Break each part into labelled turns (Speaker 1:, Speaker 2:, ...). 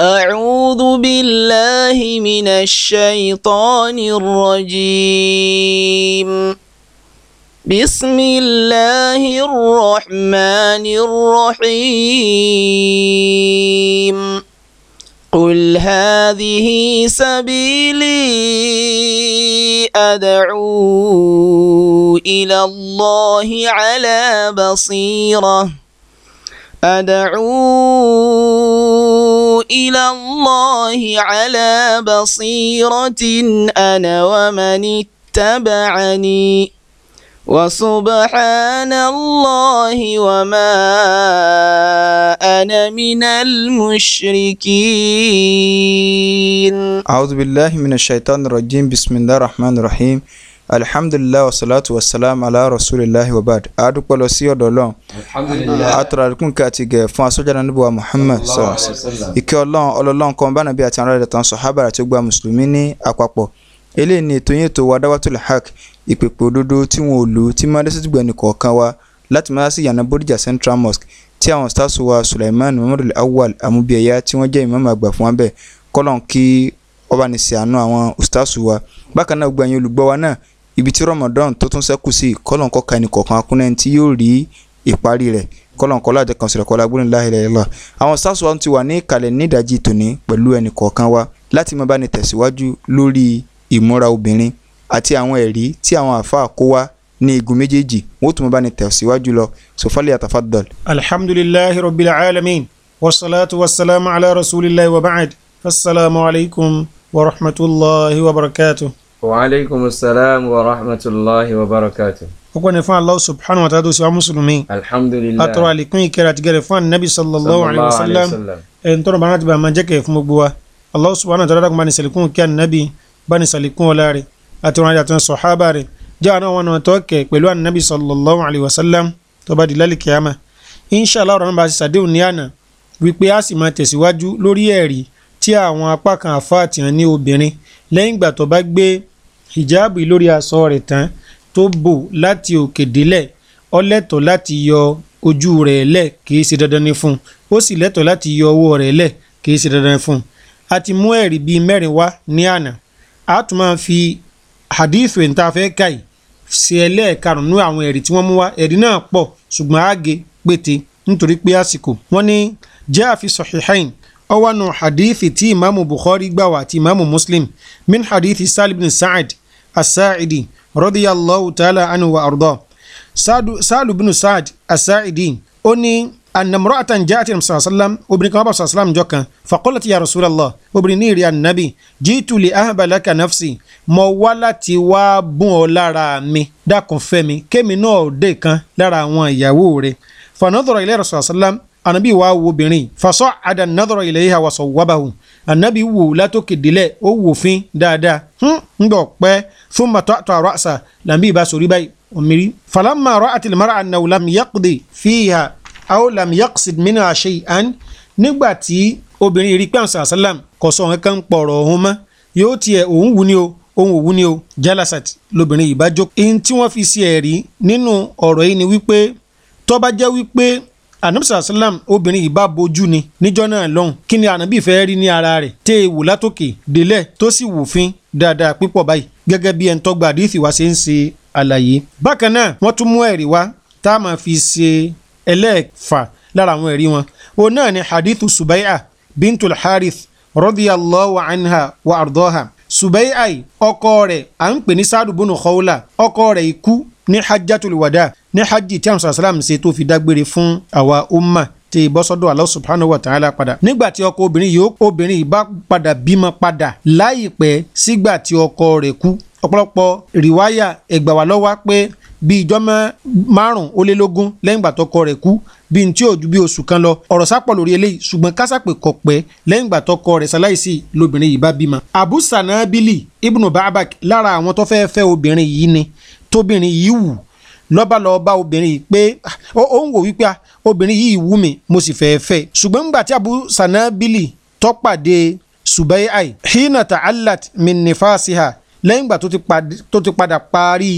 Speaker 1: أعوذ بالله من الشيطان الرجيم بسم الله الرحمن الرحيم قل هذه سبيلي أدعو إلى الله على بصيرة أدعو إلى الله على بصيرة أنا ومن اتبعني وسبحان الله وما أنا من المشركين أعوذ بالله من الشيطان الرجيم بسم الله الرحمن الرحيم alihamdulilayi wasalaatu wasalaam ala rasulilahi wabad adúpẹ́ lọ sí ọ̀dọ̀ Ọlọ́run atọ̀rọ̀dùkún kàti gẹ̀ fún asọ́jára níbo wa muhammed sọ̀rọ̀ ìkẹ́ Ọlọ́run ọlọ́lọ́run kan bá nàbí àti àwọn ọ̀rẹ́dẹ̀ tán sọ̀hábà àti gbogbo mùsùlùmí ní àpapọ̀ eléyìí ni ètò yín ètò wa dáwàtúlù haq ìpèpè òdodo tí wọn ò lù tí máa dé sí gbẹ̀nì kọ̀ọ̀kan wa láti máa sí yànnà Bódìjà Central Mosque tí àwọn sításù wa Sulaiman Muhammadu Awwal Amubiyaya tí wọ́n jẹ́ ìmáàmù àgbà fún wa bẹ́ẹ̀ kí ọba ní àánú àwọn ustaasu wa bákan náà gbẹ̀yìn olùgbọ́ wa náà ibi tí Ramadan tó tún ṣẹ́kù sí kọ́lọ̀ńkọ́ ka ẹnì kọ̀ọ̀kan akúnẹ́ni tí yóò rí ìparí rẹ̀ kọ́lọ̀ńkọ́ láti kan sílẹ̀ kọ́lá gbóni láhìlá ìlà àwọn sars wa ti wà ní ìkàlẹ̀ nídàájí tòní pẹ̀lú ẹnì kọ̀ọ̀kan wa láti máa bá ní tẹ̀síwájú lórí ìmúra obìnrin àti àwọn ẹ̀rí tí àwọn àáfàá kó wá ní igun méjèèjì wọ́n tún máa bá ní tẹ̀síwájú lọ sọfálì àtàfàdàl.
Speaker 2: alhamdulillahi rabbil alamin wasalaatu wasalaamu ala rasulillahi wa ba'ad fasalaamu alaykum wa rahmatulahi wa barakatuh wa aleykum salaam wa rahmatulahi wa barakatu. ọpẹ́ ni fún Allah subhanahu wa ta'ala tó ṣe wá mùsùlùmí. alhamdulilayi. atọ́rọ àlékún ìkẹrẹ àtìgẹrẹ fún anabi sallallahu alayhi wa sallam ẹni tọrọ bàánà ti bàá máa jẹ́kẹ̀ fún gbogbo wa Allah subhanahu wa ta'ala dákun bá ní sàlékún kí anabi bá ní sàlékún ọlá rẹ̀ àti wọn àti àwọn sọ̀hábà rẹ̀ jẹ́ àwọn àwọn ọ̀nà tọ́kẹ̀ pẹ̀lú anabi sallallahu alayhi wa sallam tó bá di lálẹ́ kíyàmá inshallah ọ̀rọ̀ náà hijabu lórí aṣọ rẹ̀ tán tó bò láti òkè délẹ̀ ó lẹ́tọ̀ọ́ láti yọ ojú rẹ̀ lẹ̀ kìí ṣe dandan ni fún un ó sì lẹ́tọ̀ọ́ láti yọ ọwọ́ rẹ̀ lẹ̀ kìí ṣe dandan fún un a ti mú ẹ̀rí bíi mẹ́rin wá ní àná a tún máa fi hadith rẹ̀ níta fẹ́ ká yìí ṣe ẹlẹ́ẹ̀karùn-ún àwọn ẹ̀rí tí wọ́n mú wá ẹ̀rí náà pọ̀ ṣùgbọ́n àgé pété nítorí pé àsìkò wọ́n ní jaa fi sahihain ó wà tí imaamu Bukhari gbà wá àti imaamu Muslim min hadith Sal Sa'ad asáìdì radiyallahu ta'ala anhu wa arda sáàdù bínú sáàd asáìdì ó ní anamọ́rọ́ àtànjẹ́ àti ẹ̀mí sàlám obìnrin kan wá bá sàlám jọ kan faqalat ya rasulallah obìnrin ní ìrìn ànábì jitu li ahbalaka nafsi mo wá láti wá bùn ọ lára mi dákun fẹ́ mi kémi náà dé kan lára àwọn ìyàwó rẹ̀ fanadhara ila rasul sàlám anabi wa wo obìnrin fasọ àdà nadhara ilayha wa sawwabahu anabi wò látòkè délẹ̀ ó wòfin dáadáa ń gbọ̀ pẹ́ẹ́ ثم تعطى رأسه لم بيبا سوريباي أمري فلما رأت المرأة أنه لم يقضي فيها أو لم يقصد منها شيئا نباتي obìnrin rí pẹ́ǹsì àsálàm kò sọ nǹkan kan pọ̀rọ̀ ọ̀hún mọ́ yóò tiẹ̀ òun wù ní o òun òwú ni o jalasat lobìnrin yìí bá jókòó. ihun tí wọ́n fi ṣe ẹ̀rí nínú ọ̀rọ̀ yìí ni wípé tó bá jẹ́ wípé anamsa asalam obìnrin yìí bá bojú ni níjọ́ náà lọ́hùn kí ni ànábì fẹ́ rí ní ara rẹ̀ tẹ́ ẹ látòkè délẹ̀ tó sì wòfin dáadáa pípọ̀ báyìí gẹ́gẹ́ bí ẹni tọ́gbà àdìsí wa ṣe ń ṣe àlàyé bákan náà wọ́n tún mú ẹ̀rí wá tá a máa fi ṣe ẹlẹ́ẹ̀fà lára àwọn ẹ̀rí wọn òun náà ni hadithu subai'a bintul harith radiyallahu anha wa ardoha subai'ai ọkọ rẹ̀ à ń pè ní sadu bunu khawla ọkọ rẹ̀ ikú ní hajjatul wada ní hajj tí àwọn sàlám ṣe tó fi dágbére fún àwa umma ti bọ́sọ́dọ̀ Allah subhanahu wa ta'ala padà nígbà tí ọkọ obìnrin yìí obìnrin yìí bá padà bímọ padà láìpẹ́ sígbà tí ọkọ rẹ̀ kú ọ̀pọ̀lọpọ̀ rìwáyà ẹ̀gbà wà lọ́wọ́ pé bí ìjọ́ márùn ó lé lógún lẹ́yìn ìgbà tọkọ rẹ̀ kú bí n tí ò ju bí oṣù kan lọ ọ̀rọ̀ sápọ̀ lórí eléyìí ṣùgbọ́n kásàpè kọ̀ pẹ́ lẹ́yìn ìgbà tọkọ rẹ̀ ṣaláìsí lobìnrin yìí bá bímọ. Abu ibnu Baabak lára àwọn tó fẹ́ẹ́ fẹ́ obìnrin yìí ni tóbìnrin yìí wù lọ́ba lọ bá obìnrin yìí pé ah, ó ń wò wípé ah, obìnrin yìí wù mí mo sì fẹ́ẹ́ fẹ́ ṣùgbọ́n nígbà tí Abu Sanabili tọ́pàdé Subayai hina ta'allat min nifasiha lẹ́yìn ìgbà tó ti padà parí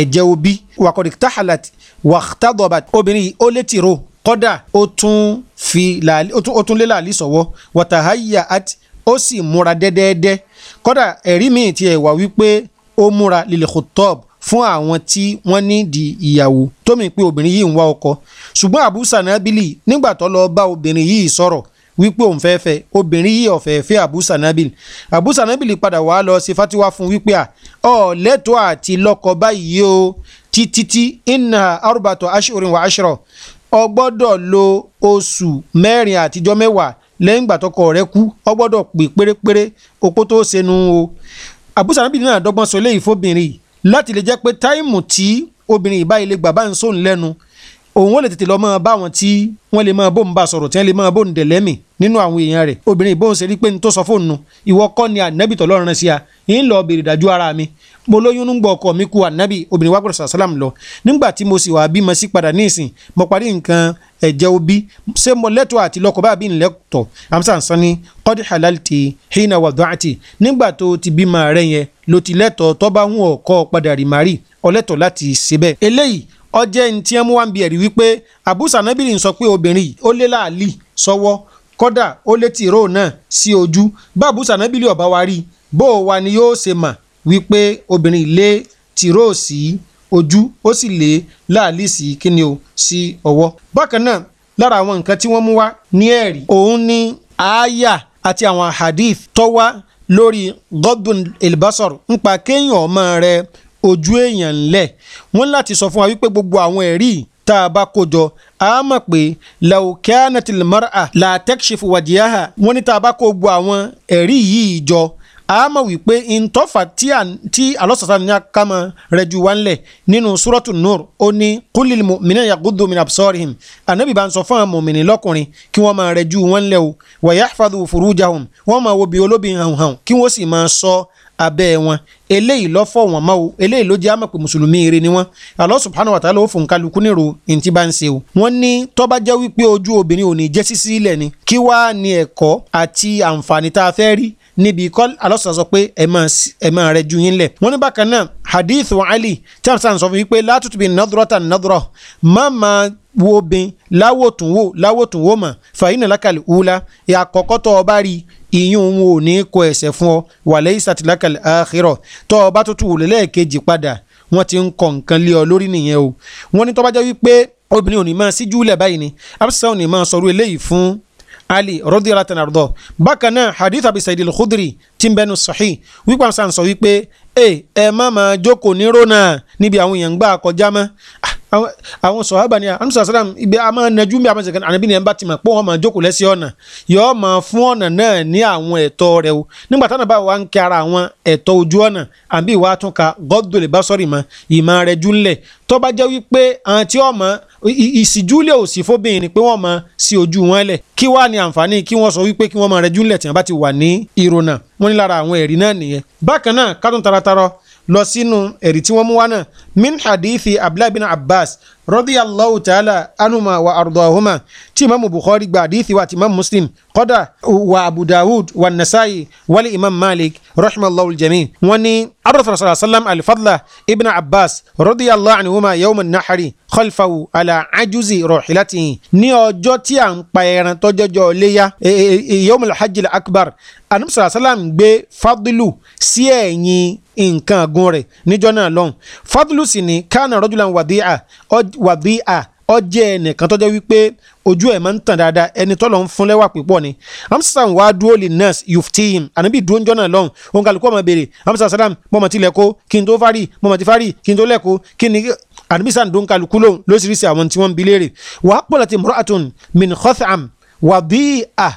Speaker 2: ẹ̀jẹ̀ obi wakọ̀dì tahalat wàhtadọ̀bat obìnrin yìí ó létí ro kọ́dà ó tún lé làálí sọ̀wọ́ wàtàháyà at ó sì múra dẹ́dẹ́dẹ́ kọ́dà ẹ̀rí mi tiẹ̀ wà wípé ó múra lil fún àwọn tí wọ́n ní di ìyàwó tómi pé obìnrin yìí ń wá ọkọ ṣùgbọ́n Abu Sanabili nígbà tó lọ bá obìnrin yìí sọ̀rọ̀ wípé òun fẹ́ẹ́ fẹ́ obìnrin yìí ọ̀fẹ́ fẹ́ Abu Sanabili Abu Sanabili padà wá lọ sí fatiwa fún wípé à ọ lẹ́tọ̀ọ́ àti lọ́kọ báyìí o títí inna arúbàtọ̀ aṣọ́rin wà aṣọ́rọ̀ ọ gbọ́dọ̀ lo oṣù mẹ́rin àtijọ́ mẹ́wàá lẹ́yìn ìgbà tọkọ rẹ̀ kú ọ gbọ́dọ̀ pè pérépéré okó tó ṣe nu o Abu Sanabili náà dọ́gbọ́n sọ eléyìí fóbìnrin yìí láti lè jẹ́ pé táìmù tí obìnrin ìbáyìí lè gbà bá ń sóun lẹ́nu òun ó lè tètè lọ mọ bá wọn tí wọn lè mọ bó ń bá sọ̀rọ̀ tí wọn lè mọ bó ń dẹlẹ nínú àwọn èèyàn rẹ̀ obìnrin ìbóhùn ṣe rí pé n tó sọ fóònù ìwọ kọ́ ni ànábìtọ lọrùn sí a ń lọ bèrè dájú ara mi mo lóyún nígbà ọkọ mi kú ànábì obìnrin wa gbọ́dọ̀ sàlám lọ nígbà tí mo sì wà bímọ sí padà ní mo parí nǹkan ẹ̀jẹ̀ obi ṣé mo lẹ́tọ̀ọ́ àti lọ́kọ bá bí nlẹ́tọ̀ amsa nsan ni kọ́dí halalti hina wadọ́àtì nígbà tó ti bímọ rẹ yẹn ló ti lẹ́tọ̀ọ́ tó bá ń wọ̀ kọ́ padà rì márì ọlẹ́tọ̀ láti ṣe bẹ́ẹ̀ eléyìí ọjẹ́ ntí ẹmu wa ń bi ẹ̀rí wípé àbúsà nábìrì ń sọ pé obìnrin yìí ó lé láàlì sọ́wọ́ kọ́dà ó lé tìró náà sí ojú bá àbúsà nábìrì ọ̀bá wa rí bó o wa ni yóò ṣe mà wípé obìnrin lé tìró sí ojú ó sì lé láàlì sí kíni o sí ọwọ́. bákan náà lára àwọn nǹkan tí wọ́n mú wá ní ẹ̀rí òun ní àáyà àti àwọn hadith tó wá lórí gọ́dùn elbasor nípa kéèyàn ọmọ rẹ ojú èèyàn ńlẹ̀ wọ́n láti sọ fún wa wípé gbogbo àwọn ẹ̀rí tá a bá kó jọ a mọ̀ pé laukanatil mara la tekshifu wajiyaha wọ́n ní tá a bá kó gbogbo àwọn ẹ̀rí yìí jọ a mọ̀ wípé ntọ́fà tí alọ́sàtà ní akámọ̀ rẹ̀ ju wá ńlẹ̀ nínú suratu nur ó ní kulil mu'minina yaghuddu min absarihim ànábì bá ń sọ fún àwọn mọ̀mìnì lọ́kùnrin kí wọ́n máa rẹ̀ ju wọ́n ńlẹ̀ o wa yahfadhu furujahum wọ́n máa wo bí olóbi hàn hàn kí wọ́n sì máa sọ abẹ́ wọn eléyìí lọ́fọ̀ wọn mọ́ o eléyìí ló jẹ́ àmọ̀ pé mùsùlùmí eré ni wọ́n Allah subhanahu wa ta'ala ó fún kálukú nírò ntí bá ń ṣe o. wọ́n ní tó jẹ́ wípé ojú obìnrin ò ní jẹ́ sísí ilẹ̀ ni kí wàá ní ẹ̀kọ́ àti àǹfààní tá a fẹ́ rí níbi kọ́ alọ́sàn sọ pé ẹ máa rẹ ju yín lẹ̀. wọ́n ní bákan náà hadith wa ali tí a sàn sọ fún yín pé látútù bíi nọ́dúrọ́tà nọ́dúrọ́ má máa wo bin láwòtúnwò láwòtúnwò mọ̀ fàyínà lákàlì wúlá ìyàkọ́kọ́ tó o bá rí ìyún wo ní kó ẹsẹ̀ fún ọ wàlẹ́ ìsàtìlákàlì àkírọ̀ tó o bá tuntun wò lẹ́ẹ̀kejì padà wọ́n ti ń kọ nǹkan lé ọ lórí nìyẹn o wọ́n ní tó bá jẹ́ wípé obìnrin ò ní máa síjú lẹ̀ báyìí ni absa ò ní máa sọ̀rọ̀ eléyìí fún ali radiyallahu ta'ala anhu bákan náà hadith abi sa'id al-khudri tí ń bẹnu sahih wípé àwọn sàn sọ wípé ẹ ẹ má máa jókòó ní rona níbi àwọn èèyàn gbà kọjá mọ́ ah, àwọn sọ̀hábà ni àwọn sàlám ibi a máa najú bí a máa sẹ̀kẹ́ ànábì ni ẹ̀ ń bá ti mọ̀ pé wọ́n máa jókòó lẹ́sẹ̀ ọ̀nà yọ̀ọ́ máa fún ọ̀nà náà ní àwọn ẹ̀tọ́ rẹ̀ o nígbà táwọn bá wa ń kí ara àwọn ẹ̀tọ́ ojú ọ̀nà àbí ìwà àtúnka gọ́dọ̀ bá sọ̀rì ìmọ̀ rẹ̀ júlẹ̀ tó bá jẹ́ wípé àwọn tí ọ̀mọ́ ìsìjúlẹ̀ ò sí fóbìnrin pé wọ́n mọ sí ojú wọn lẹ̀ kí wàá ní àǹfààní kí wọ́n sọ wípé kí wọ́n mọ rẹ júlẹ̀ tí wọ́n bá ti wà ní ìrònà wọ́n ní lára àwọn ẹ̀rí náà nìyẹn bákan náà kátó taratara lọ sínú ẹ̀rí tí wọ́n mú wá náà min hadithi abdullahi bin abbas radiyallahu ta'ala anuma wa ardahuma tí imam bukhari gba àdíìsì wa ti imam muslim kódà wa abu dawud wa nasa'i wali imam malik rahimallahu aljami wọ́n ní abdulrasala sallallahu sallam alifadla ibn abbas radiyallahu anhuma yawman nahari khalfahu ala ajuzi rohilati ní ọjọ́ tí a ń pa ẹran tọ́jọ́jọ́ léyà e, e, e, yawmul hajjil akbar anamsala sallam gbé fadlu sí ẹ̀yìn nǹkan àgùn rẹ̀ níjọ́ náà lọ́hùn fadlu sì ní kánà rajulan wadi'a wàbí à ọjẹ́ ẹnìkan tọ́jọ́ wípé ojú ẹ̀ máa ń tàn dáadáa ẹni tọ́lọ̀ ń fún lẹ́wà pípọ̀ ni amsan wàá dúró lè nurse yuftihim ànábì dúró ń jọ́nà lọ́hùn òun kálukú ọmọ béèrè amsan salam mọ̀mọ́ ti lẹ́kọ́ kí n tó fárì mọ̀mọ́ ti fárì kí n tó lẹ́kọ́ kí ni ànábì sàn dún kálukú lóhùn lóṣìṣẹ́ àwọn tí wọ́n ń bi léèrè wàá pọ̀lọ̀ ti mọ́ràtún min khotham wàbíà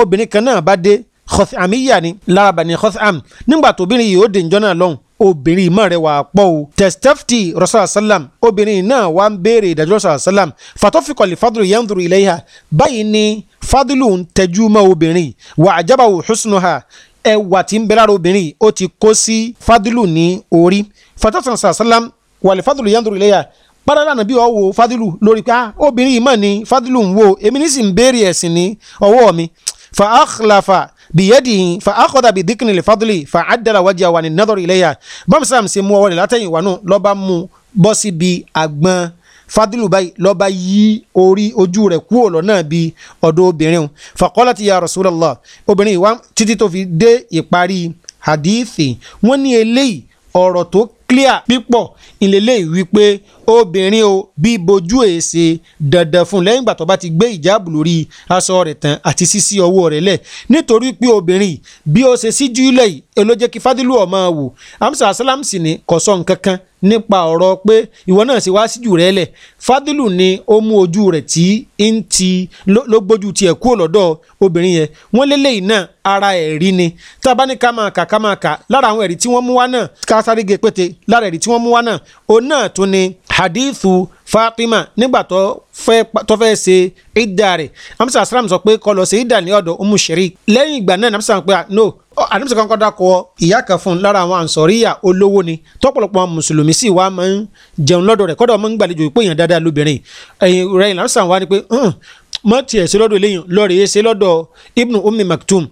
Speaker 2: obìnrin kan náà bá dé khothamiya ni lára bani khotham nígbà tóbìnrin yìí ó dè ń jọ́nà lọ́hùn obìnrin mọ̀ rẹ̀ wà pọ̀ o testefti rasulallah salam obìnrin náà wà ń béèrè ìdájọ́ rasulallah salam fatofikọ̀lì fadulu yanduru ilayha báyìí ni fadulu ń tẹjú mọ́ obìnrin wà àjábà wò husnuha ẹwà tí ń bẹ lára obìnrin ó ti kó sí fadulu ní orí fatofikọ̀lì salam wàlẹ̀ fadulu yanduru ilayha paralana bí ọ wo fadulu lórí pé ah obìnrin yìí mọ̀ ni fadulu ń wo èmi ní sì ń béèrè ẹ̀sìn ní ọwọ́ mi fa akhlafa bìyẹ́dì fa akọ̀dà bi dìkìnì lè fadúlì fa àdàlà wájà wà ní nọ́dọ̀rì iléyà bọ́m sam ṣe mú ọwọ́ rẹ̀ látẹ̀yìn wà nù lọ́ba mú bọ́ sí bi àgbọn fadúlù báyìí lọ́ba yí orí ojú rẹ̀ kú òlọ́ bi ọ̀dọ̀ obìnrin o fàkọ́lá ya Rasulullah obìnrin ìwà títí tó fi dé ìparí hadithi wọ́n ní eléyìí ọ̀rọ̀ tó clear pípọ̀ ìlélẹ́yìí wípé obìnrin o bí bojú èsè dandan fún lẹ́yìn ìgbà tó bá ti gbé ìjáàbù lórí aṣọ rẹ̀ tán àti sísí ọwọ́ rẹ̀ lẹ̀ nítorí pé obìnrin bí ó ṣe síjú ilẹ̀ yìí ló jẹ́ kí fádìlú ọmọ wò amsa ni kò sọ nǹkan kan nípa ọ̀rọ̀ pé ìwọ náà sì wá síjú rẹ lẹ̀ fadilu ni ó mú ojú rẹ̀ tí ń ti ló gbójú tiẹ̀ kúrò lọ́dọ̀ obìnrin yẹn wọ́n lélẹ́yìí náà ara ẹ̀rí ni tá a bá ní ká máa kà ká máa kà lára àwọn ẹ̀rí tí wọ́n mú wá náà ká sáré ge pété lára ẹ̀rí tí wọ́n mú wá náà òun náà tún ni hadithu Fatima nígbà tó fẹ́ tó fẹ́ ṣe ìdá rẹ̀ amúsà asram sọ pé kó lọ ṣe ìdá ní ọ̀dọ̀ umu shirik lẹ́yìn ìgbà náà amúsà pé no anamisa kankan dakọ ìyá kan fún un lára àwọn ànsọ̀ríyà olówó ni tọ́pọ̀lọpọ̀ àwọn mùsùlùmí sì wá máa ń jẹun lọ́dọ̀ rẹ̀ kọ́dọ̀ máa ń gbàlejò pé èèyàn dáadáa lóbìnrin ẹ̀yìn rẹ̀ ìlànà sàn wá ni pé mọ tiẹ̀ ṣe lọ́dọ̀ eléyìn lọ́ọ̀rẹ́ yẹ ṣe lọ́dọ̀ ibnu umi maktum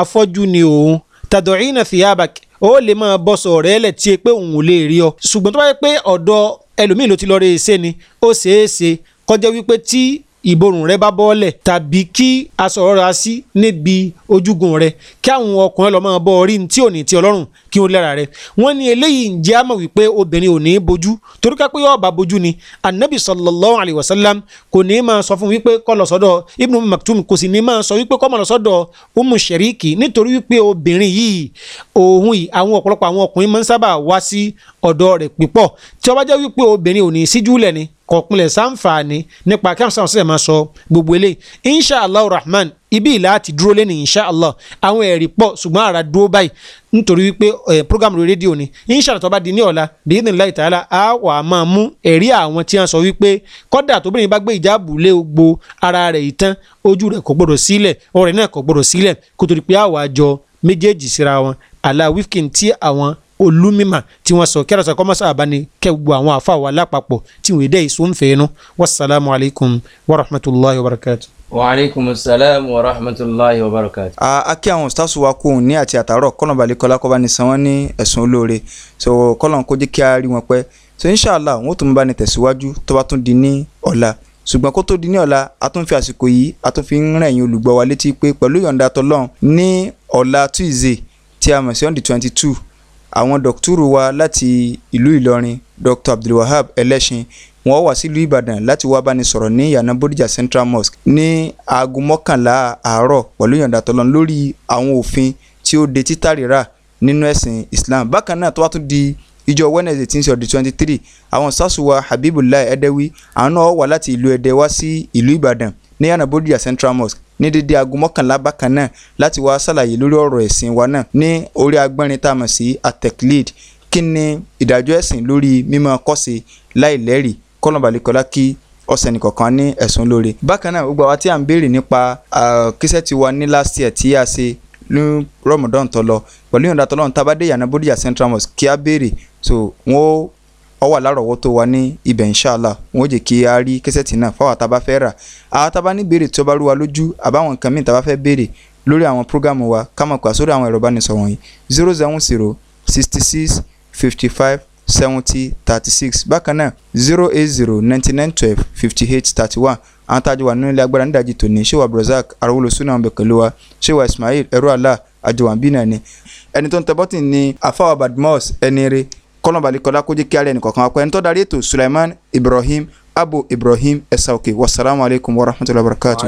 Speaker 2: afọ́jú ni òun tàdọ̀ọ́yìn náà fìyà bàkì ó lè máa bọ́ sọ̀rọ̀ rẹ̀ lẹ̀ tiẹ̀ pé òun ò lè rí ọ ṣùgbọ́n tó bá yẹ pé ọ̀dọ̀ ẹlòmíì ló ti lọ rè é ṣe ni ó ṣeé ṣe kọjá wípé tí ìborùn rẹ bá bọ́ọ̀lẹ̀ tàbí kí aṣọ rọra sí níbi ojúgun rẹ kí àwọn ọkùnrin lọ́ọ́ máa bọ́ ọ rí ní tí ò ní ti ọlọ́run kí wọ́n lára rẹ wọ́n ní eléyìí ń jẹ́ àmọ̀ wípé obìnrin ò ní bojú torí ká yóò bá bojú ni anabi sallallahu alayhi wa sallam kò ní máa sọ fún wípé kó lọ sọ́dọ̀ ibn maktum kò sì ní máa sọ wípé kó máa lọ sọ́dọ̀ umu sheriki nítorí wípé obìnrin yìí òun yìí àwọn ọ̀pọ̀lọpọ̀ àwọn ọkùnrin máa ń sábà wá sí ọ̀dọ̀ rẹ̀ pípọ̀ tí ó jẹ́ wípé obìnrin ò ní síjú lẹ̀ kọ̀pinlẹ̀ sáǹfààní nípa kí àwọn sọ̀rọ̀ máa sọ gbogbo eléyìí inshallah rahman ibi ìlà àti dúró lẹ́nu inshallah àwọn ẹ̀rí pọ̀ ṣùgbọ́n ara dúró báyìí nítorí wípé program lórí rédíò ni inshallah tó bá di ní ọ̀la bíyìn láì tààlà á wà á máa mú ẹ̀rí àwọn tí wọ́n sọ wípé kọ́dà tóbìnrin bá gbé ìjáàbù lé gbogbo ara rẹ̀ ìtàn ojú rẹ̀ kò gbọdọ̀ sílẹ̀ ọ̀rẹ́ náà kò gbọdọ̀ sílẹ̀ kó olúmímà tí wọ́n sọ kẹ́rọ̀sọ kọ́mọ́sọ àbáni kẹ́gbọ́ àwọn àfàwọ̀ alápapọ̀ tí wọ́n dẹ́ ìsún fèénú wasalaamu alaykum wa rahmatulahi wa barakatu. wa aleykum salaam wa rahmatulahi wa barakatu.
Speaker 1: a kí àwọn stars wa kú ní àti àtàárọ̀ kọ́lọ̀n balẹ̀ kọ́lá kọ́ba ní san ní ẹ̀sùn olóore so kọ́lọ̀n kó jẹ́ kí a rí wọn pẹ́ so inshallah wọn ó tún bá ní tẹ̀síwájú tó bá tún di ní ọ̀la ṣùgbọ́n kó tó di ní ọ̀la a tún fi àsìkò yìí a tún fi ń rán ẹ̀yin olùgbọ́ létí pé pẹ̀lú ìyọ̀ǹda tọlọ́run ní ọ̀la tuesday tí a mọ̀ sí on twenty two àwọn dọ̀kítúrù wa láti ìlú ìlọrin dr abdulwahab ẹlẹ́sìn wọ́n wá sílùú ìbàdàn láti wá bá ní sọ̀rọ̀ ní ìyànà bódìjà central mosque ní aago mọ́kànlá àárọ̀ pẹ̀lú ìyọ̀ǹda tọ́lọ́n lórí àwọn òfin tí ó de títà rírà nínú ẹ̀sìn islam bákan náà tó wá tún di ìjọ wednesday tí ń ṣe ọdún twenty three àwọn sásùwà habibullahi ẹdẹwì àwọn náà wá láti ìlú ẹdẹ wá sí ìlú ìbàdàn ní ìyànà bódìjà central mosque ní dédé aago mọ́kànlá bákan náà láti wá ṣàlàyé lórí ọ̀rọ̀ ẹ̀sìn wa náà ní orí agbọ́nrin tá a mọ̀ sí ateclid kí ni ìdájọ́ ẹ̀sìn lórí mímọ kọ́sí láìlẹ́rìí kọ́lọ̀bàlẹ́kọ́lá kí ọ̀sẹ̀ nìkọ̀kan ní ẹ̀sùn lóore. bákan náà gbogbo àwa tí à ń béèrè nípa kíṣẹ́ tí wa ní last year tí a ṣe ní Ramadan tó lọ pẹ̀lú ìyọ̀ǹda tọ́lọ́run tá a ìyànà Bódìjà Central Mosque kí a béèrè so wọ́n ọ wà lárọ̀ọ́wọ́tó wa ní ibẹ̀ inshallah wọn ó jẹ́ kí a rí kẹsẹ̀tì náà fáwọn àtàbá fẹ́ rà àtàbá ní béèrè tí ó bá wa lójú àbáwọn nǹkan míì tàbá fẹ́ béèrè lórí àwọn prógámù wa kámọ̀ pa sórí àwọn ẹ̀rọ ìbánisọ̀rọ̀ wọ̀nyí zero seven zero sixty six fifty five seventy thirty six bákan náà zero eight zero ninety nine twelve fifty eight thirty one àwọn tá a jọ wà nínú ilé agbára nídàájí tòní ṣéwà Abdulrasaq arúgbó sunu àwọn bẹ̀kẹ̀lú wa ṣéwà Ismail ẹ̀rọ àlà àjọwàǹbí náà ni ẹni tó ń tẹ bọ́tì ni àfáwà Badmus ẹni rẹ̀ kọlọ̀nbalẹ̀ kọlá kó jẹ́ kí alẹ́ nìkan kan wá pẹ́ ẹni tó Sulaiman Ibrahim Abu Ibrahim ẹ̀sà òkè wasalaamualeykum wa rahmatulahi wa barakatu.